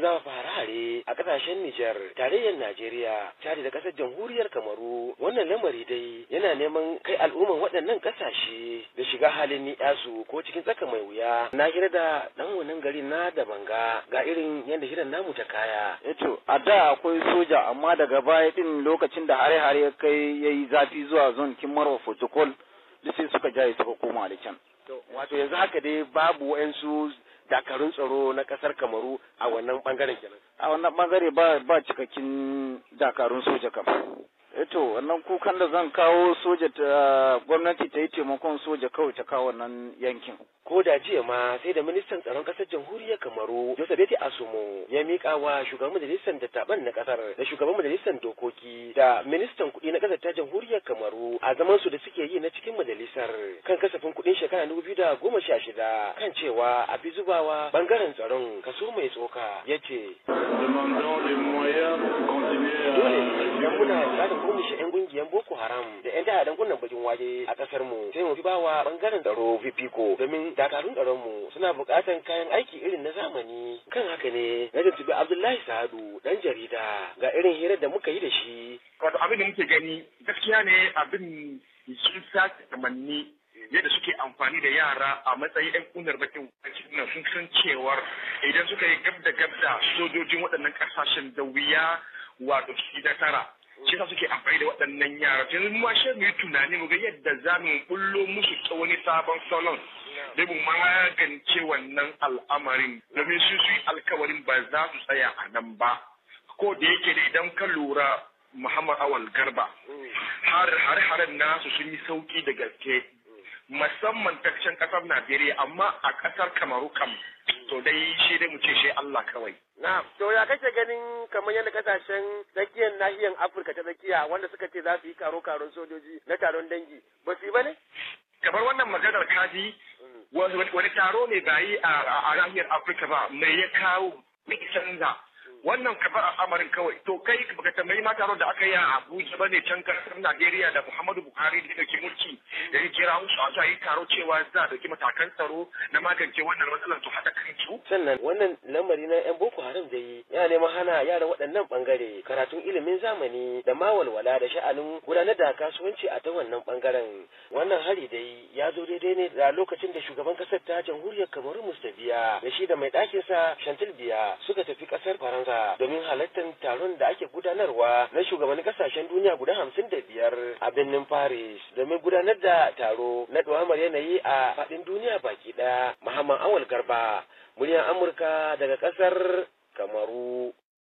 sun zafafa hare, a kasashen Nijar, tarayyar Najeriya, tare da kasar Jamhuriyar Kamaru. Wannan lamari dai yana neman kai al'umman waɗannan kasashe da shiga halin ni'yasu ko cikin tsaka mai wuya. Na hira da ɗan wannan gari na da banga ga irin yadda hiran namu ta kaya. Eto, eh a da akwai soja amma daga baya ɗin lokacin da hare-hare ya kai ya yi zafi zuwa zon Kimarwa Fotokol, duk sai suka jaye suka koma da can. Wato yanzu haka dai babu wa'yansu dakarun tsaro na kasar kamaru a wannan bangaren kenan a wannan bangare ba ba dakarun soja kam Eto eh, wannan kukan da zan kawo soja ta gwamnati ta yi taimakon soja kawai ta kawo wannan yankin. Ko da jiya ma sai da ministan tsaron kasar jamhuriyar Kamaru Joseph Asumo ya mika wa shugaban majalisar da taɓan na kasar da shugaban majalisar dokoki da ministan kuɗi na kasar ta jamhuriyar Kamaru a zaman su da suke yi na cikin majalisar kan kasafin kuɗin shekara dubu biyu da goma sha shida kan cewa a fi zubawa bangaren tsaron kaso mai tsoka ya ce. Dole muna shi 'yan gungiyar Boko Haram da 'yan ta'addan kunnan bakin waje a kasar mu sai mu fi bawa bangaren tsaro fifiko domin dakarun tsaron mu suna buƙatan kayan aiki irin na zamani kan haka ne na tuntuɓi Abdullahi Sa'adu dan jarida ga irin hirar da muka yi da shi. Wato abin da muke gani gaskiya ne abin sun sace tamanni yadda suke amfani da yara a matsayin 'yan kunar bakin nan sun san cewar idan suka yi gab da sojojin waɗannan ƙasashen da wuya wato shi da tara shi sa suke amfani da waɗannan yara yanzu mu ma shi mu yi tunani mu ga yadda za mu bullo musu ta wani sabon salon da mu magance wannan al'amarin domin su su yi alkawarin ba za su tsaya a nan ba ko da yake da idan ka lura Muhammad Awal Garba har haren nasu sun yi sauki da gaske musamman ta kasar Najeriya amma a kasar Kamaru kam to dai shi dai mu ce shi Allah kawai na to ya kake ganin kamar yadda kasashen tsakiyar nahiyar Afirka ta tsakiya wanda suka ce za su yi karo karon sojoji na taron dangi ba su yi ba ne kamar wannan maganar kaji mm. wani taro ne ba yi a nahiyar Afirka ba mai ya kawo mai canza wannan kafar al'amarin kawai to kai baka tambayi ma taron da aka yi a Abuja ba ne can kasar Najeriya da Muhammadu Buhari da yake mulki da ya kira musu a yi taro cewa za a dauki matakan tsaro na magance wannan matsalar to haɗa kan su sannan wannan lamari na yan Boko Haram da yi ya neman hana yara waɗannan bangare karatun ilimin zamani da ma walwala da sha'anin gudanar da kasuwanci a ta wannan bangaren wannan hari da yi ya zo daidai ne da lokacin da shugaban kasar ta jamhuriyar Kamaru Mustabiya da shi da mai ɗakinsa shantil Biya suka tafi ƙasar Faransa ƙasa domin halartar taron da ake gudanarwa na shugabannin ƙasashen duniya guda hamsin da biyar a birnin Paris domin gudanar da taro na ɗawamar yanayi a faɗin duniya baki ɗaya. Muhammad Awal Garba, muryar Amurka daga ƙasar Kamaru.